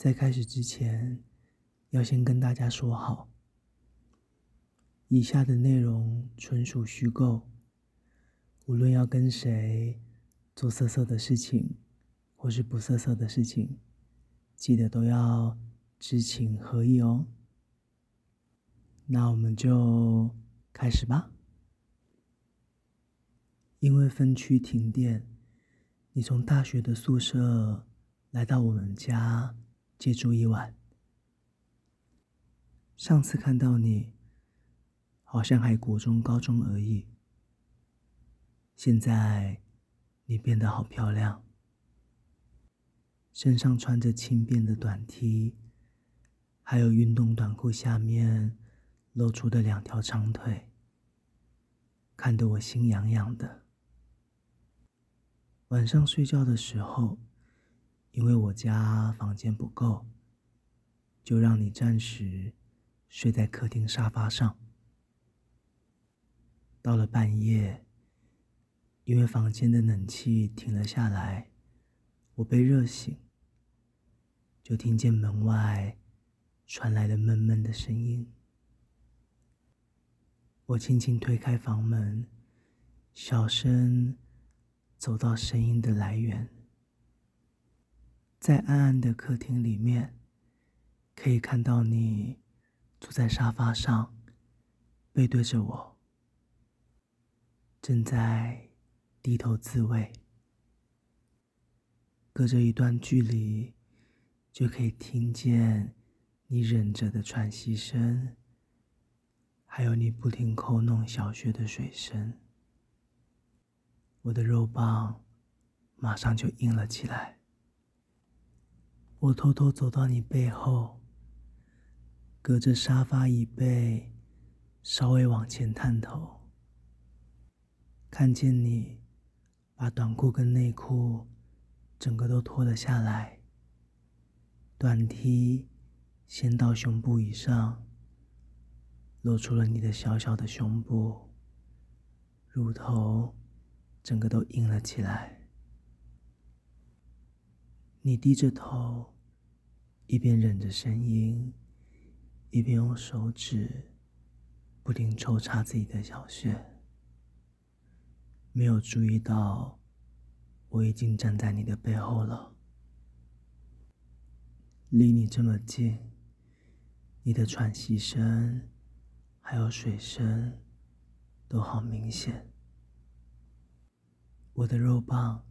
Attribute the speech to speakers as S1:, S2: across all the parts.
S1: 在開始之前，要先跟大家說好，以下的內容純屬虛構。無論要跟誰做色色的事情，或是不色色的事情，記得都要知情合意哦。那我們就開始吧。因為分區停電，你從大學的宿舍來到我們家。借住一晚。上次看到你，好像還國中、高中而已。現在你變得好漂亮，身上穿着輕便的短 T，還有運動短褲下面露出的兩條長腿，看得我心癢癢的。晚上睡覺的時候。因為我家房間不夠，就讓你暫時睡在客廳沙發上。到了半夜，因為房間的冷氣停了下來，我被熱醒，就聽見門外傳來了悶悶的聲音。我輕輕推開房門，小聲走到聲音的來源。在暗暗的客廳裡面，可以看到你坐在沙發上，背對着我，正在低頭自慰。隔着一段距離，就可以聽見你忍着的喘息聲，還有你不停摳弄小穴的水聲。我的肉棒馬上就硬了起來。我偷偷走到你背後，隔着沙發椅背，稍微往前探頭，看見你把短褲跟內褲整個都脫了下來，短 T 掀到胸部以上，露出了你的小小的胸部，乳頭整個都硬了起來。你低着頭，一邊忍着聲音，一邊用手指不停抽插自己的小穴，沒有注意到我已經站在你的背後了。離你這麼近，你的喘息聲還有水聲都好明顯。我的肉棒，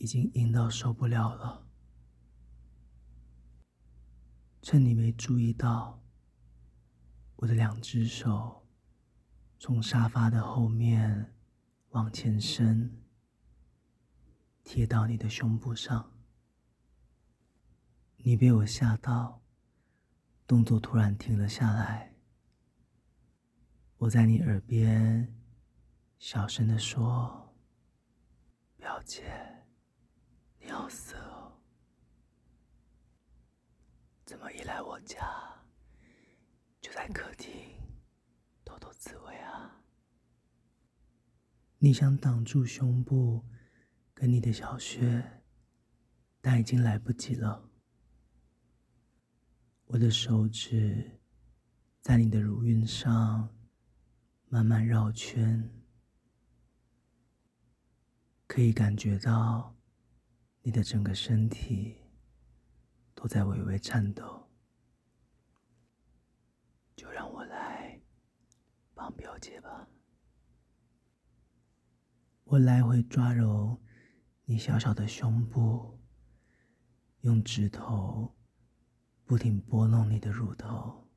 S1: 已經硬到受不了了。趁你沒注意到，我的兩隻手從沙發的後面往前伸，貼到你的胸部上。你被我嚇到，動作突然停了下來。我在你耳邊小聲地說：“表姐。”要死哦！怎麼一來我家就在客廳偷偷自慰啊？你想擋住胸部跟你的小穴，但已經來不及了。我的手指在你的乳暈上慢慢繞圈，可以感覺到。你的整個身體都在微微顫抖，就讓我來幫表姐吧。我來回抓揉你小小的胸部，用指頭不停撥弄你的乳頭。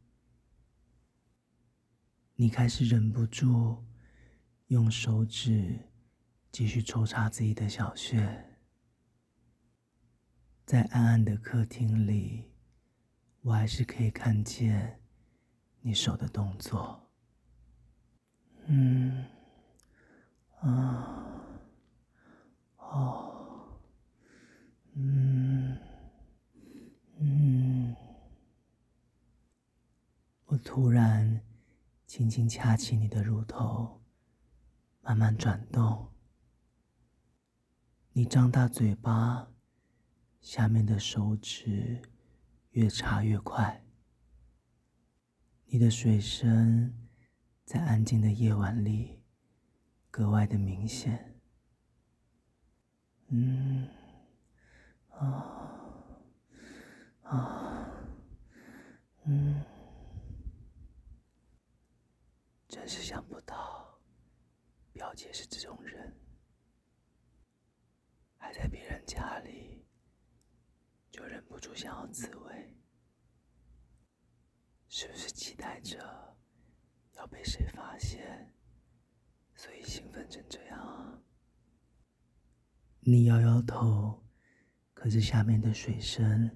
S1: 你開始忍不住用手指繼續抽插自己的小穴。在暗暗的客廳裡，我還是可以看見你手的動作。嗯，啊，哦，嗯，嗯。我突然輕輕掐起你的乳頭，慢慢轉動。你張大嘴巴。下面的手指越插越快，你的水聲在安靜的夜晚裡格外的明顯。嗯，啊，啊，嗯，真是想不到，表姐是這種人，還在別人家裡。就忍不住想要自慰，是不是期待着要被誰發現，所以興奮成這樣？啊？你搖搖頭，可是下面的水聲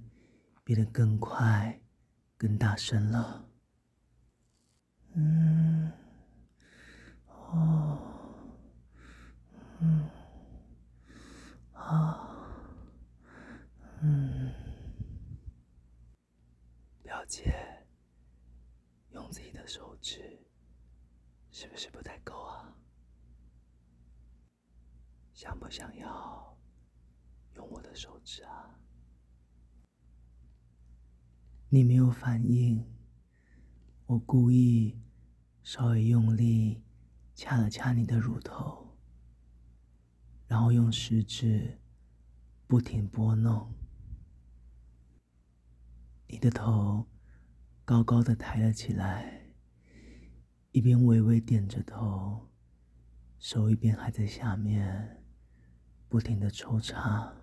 S1: 變得更快、更大聲了。嗯。姐，用自己的手指，是不是不太夠啊？想不想要用我的手指啊？你沒有反應，我故意稍微用力掐了掐你的乳頭，然後用食指不停撥弄你的頭。高高的抬了起來，一邊微微點着頭，手一邊還在下面，不停的抽插。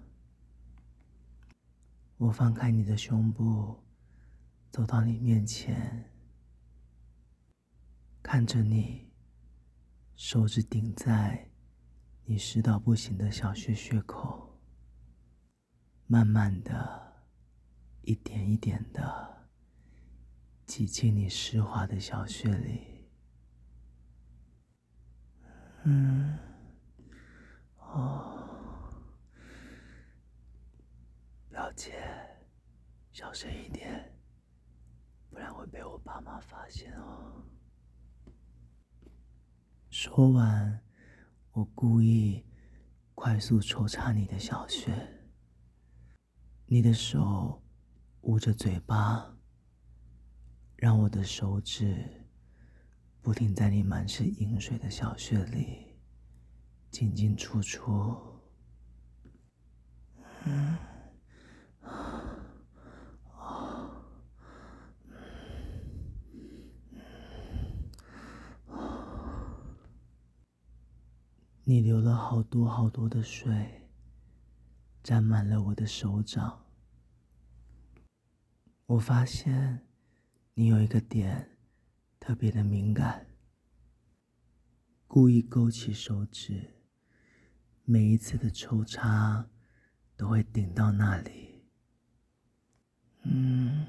S1: 我放開你的胸部，走到你面前，看着你，手指頂在你濕到不行的小穴穴口，慢慢的，一點一點的。擠進你濕滑的小穴裡、okay。嗯，哦，表姐，小聲一點，不然會被我爸媽發現哦。說完，我故意快速抽插你的小穴、okay，你的手捂着嘴巴。讓我的手指不停在你滿是淫水的小穴裡進進出出。嗯，你流了好多好多的水，沾滿了我的手掌。我發現。你有一個點特別的敏感，故意勾起手指，每一次的抽插都會頂到那裡。嗯，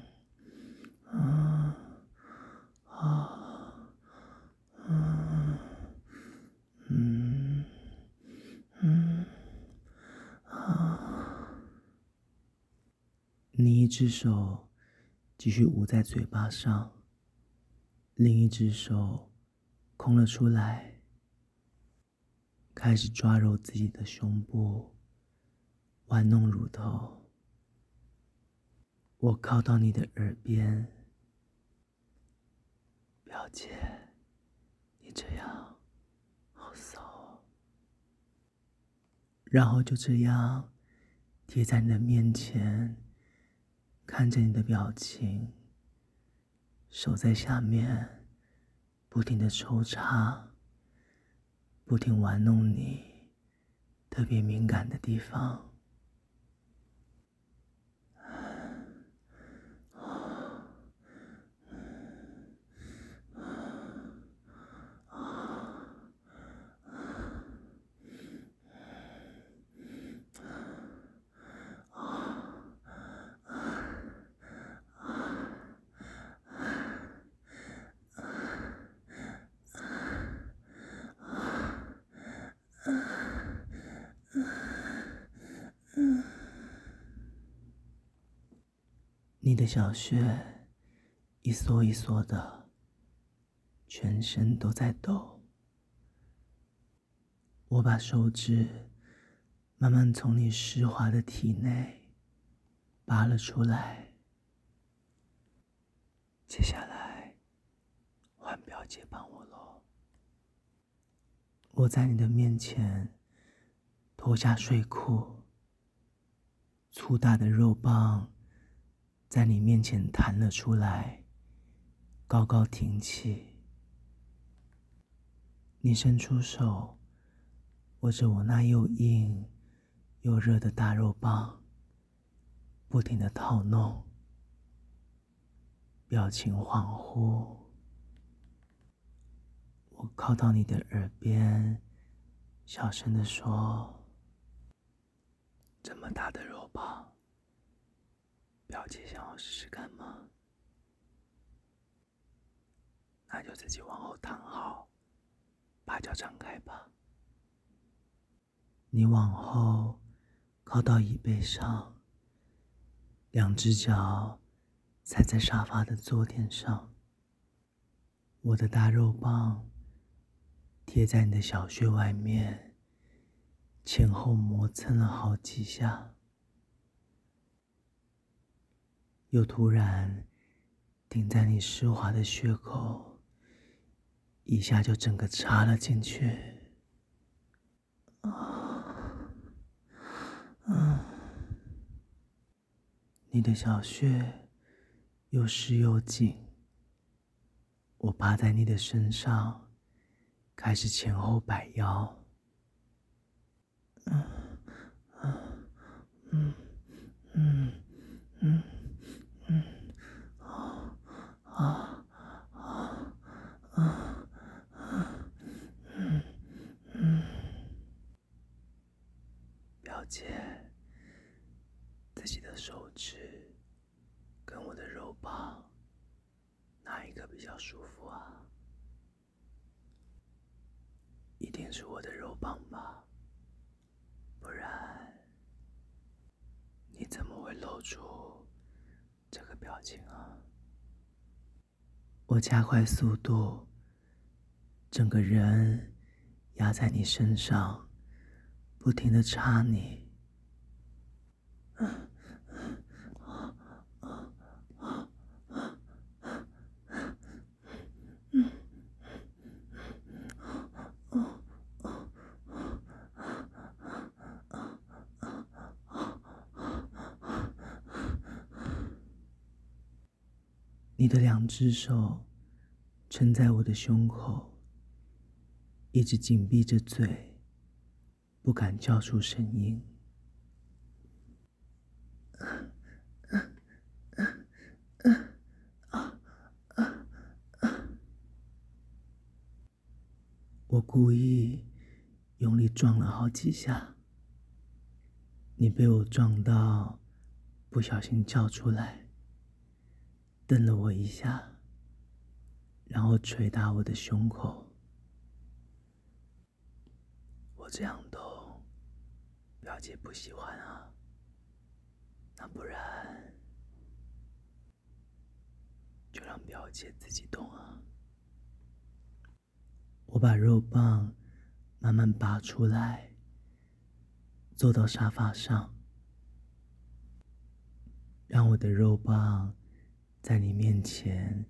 S1: 啊，啊，嗯，啊，嗯，嗯，啊，你一隻手。繼續捂在嘴巴上，另一只手空了出來，開始抓揉自己的胸部，玩弄乳頭。我靠到你的耳邊，表姐，你這樣好騷哦。然後就這樣貼在你的面前。看着你的表情，手在下面不停的抽插，不停玩弄你特別敏感的地方。你的小穴一縮一縮的，全身都在抖。我把手指慢慢從你濕滑的體內拔了出來。接下來換表姐幫我嘍。我在你的面前脫下睡褲，粗大的肉棒。在你面前彈了出來，高高挺起。你伸出手，握着我那又硬又熱的大肉棒，不停的套弄，表情恍惚。我靠到你的耳邊，小聲的說：“這麼大的肉棒。”表姐想要試試看嗎？那就自己往後躺好，把腳張開吧。你往後靠到椅背上，兩隻腳踩在沙發的坐墊上。我的大肉棒貼在你的小穴外面，前後磨蹭了好幾下。又突然，頂在你濕滑的穴口，一下就整個插了進去。啊，嗯、啊，你的小穴又濕又緊，我趴在你的身上，開始前後擺腰。嗯、
S2: 啊啊，嗯，嗯，嗯。
S1: hold 住這個表情啊！我加快速度，整個人壓在你身上，不停的插你。你的兩隻手撐在我的胸口，一直緊閉着嘴，不敢叫出聲音。
S2: 啊啊啊啊啊啊！
S1: 我故意用力撞了好幾下，你被我撞到，不小心叫出來。瞪了我一下，然後捶打我的胸口。我這樣動，表姐不喜歡啊。那不然，就讓表姐自己動啊。我把肉棒慢慢拔出來，坐到沙發上，讓我的肉棒。在你面前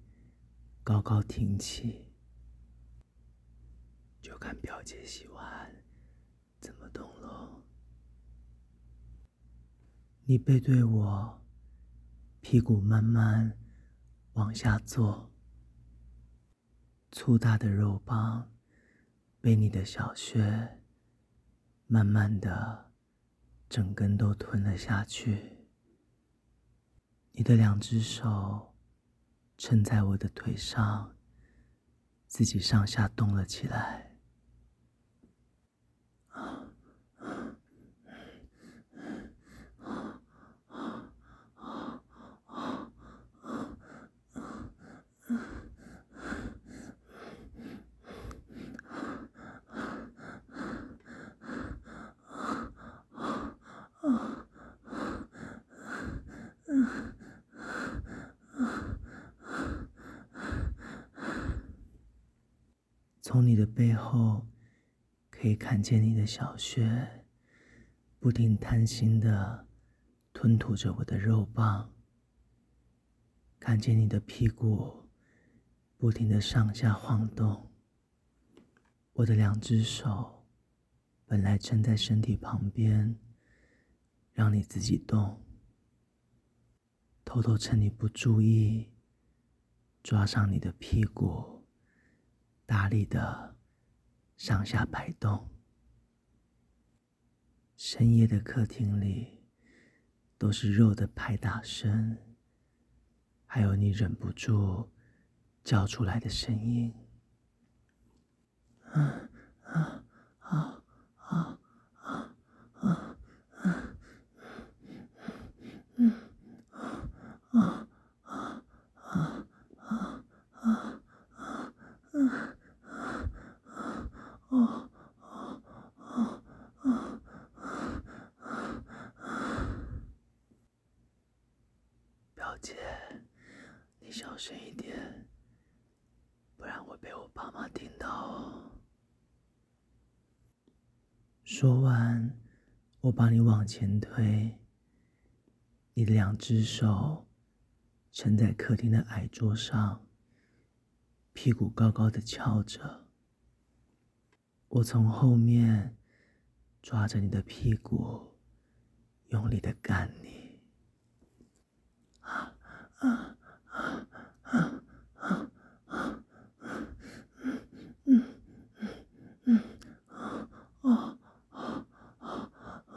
S1: 高高挺起，就看表姐喜歡怎麼動了。你背對我，屁股慢慢往下坐，粗大的肉棒被你的小穴慢慢的整根都吞了下去。你的兩隻手撐在我的腿上，自己上下動了起來。從你的背後，可以看見你的小穴，不停貪心的吞吐着我的肉棒。看見你的屁股，不停的上下晃動。我的兩隻手，本來撐在身體旁邊，讓你自己動。偷偷趁你不注意，抓上你的屁股。大力的上下擺動，深夜的客廳裡都是肉的拍打聲，還有你忍不住叫出來的聲音。啊嗯
S2: 嗯嗯嗯嗯嗯嗯嗯嗯嗯嗯嗯嗯哦
S1: 哦哦哦哦哦哦！表姐，你小聲一點，不然會被我爸媽聽到哦。說完，我把你往前推，你的兩隻手撐在客廳的矮桌上，屁股高高的翹着。我從後面抓着你的屁股，用力的幹你，
S2: 啊啊啊啊啊啊！啊啊啊啊
S1: 啊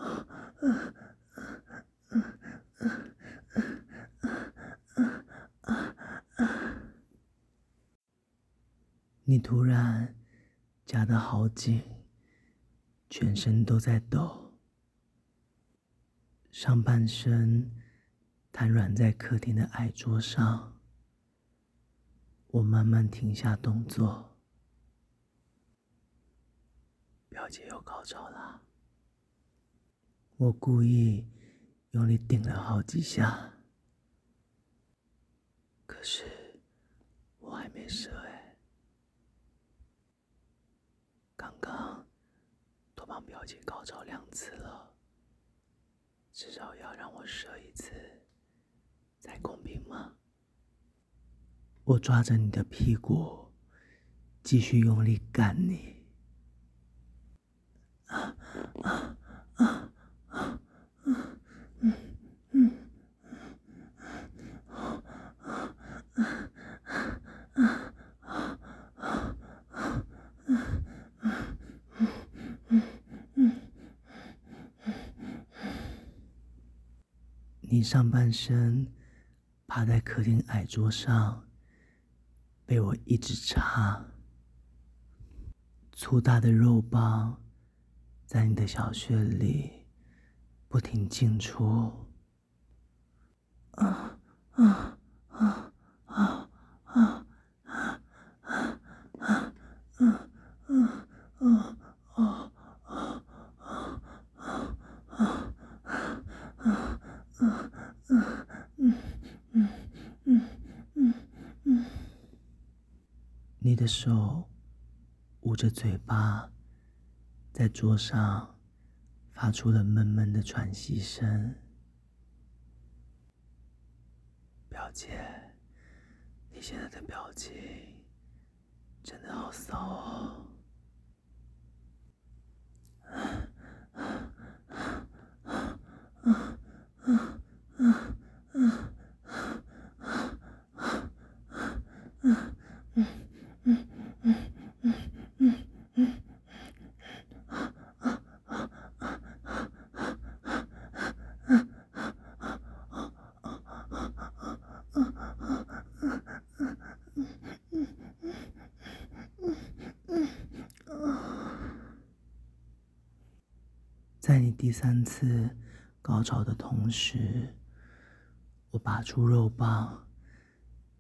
S1: 啊啊啊！你突然。夾得好緊，全身都在抖，上半身癱軟在客廳的矮桌上。我慢慢停下動作，表姐又高潮了。我故意用力頂了好幾下，可是我還沒射。剛剛都幫表姐高潮兩次了，至少要讓我射一次才公平嗎？我抓着你的屁股，繼續用力幹你。啊！啊你上半身趴在客廳矮桌上，被我一直插，粗大的肉棒在你的小穴裡不停進出。啊
S2: 啊啊！啊
S1: 你的手捂着嘴巴，在桌上發出了悶悶的喘息聲。表姐，你現在的表情真的好騷哦。 在你第三次高潮的同時，我拔出肉棒，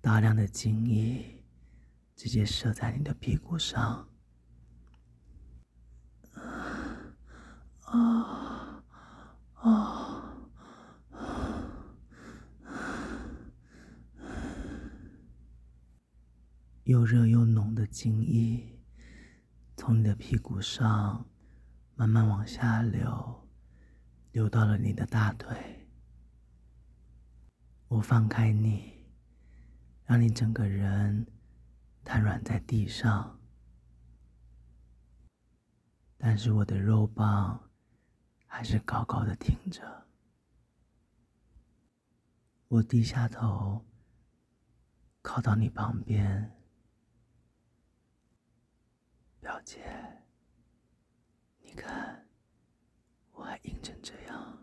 S1: 大量的精液直接射在你的屁股上。
S2: 啊
S1: 啊，又熱又濃的精液從你的屁股上，慢慢往下流，流到了你的大腿。我放開你，讓你整個人癱軟在地上。但是我的肉棒還是高高的挺着。我低下頭，靠到你旁邊，表姐。你看，我還硬成這樣。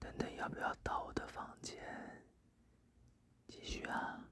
S1: 等等，要不要到我的房間繼續啊？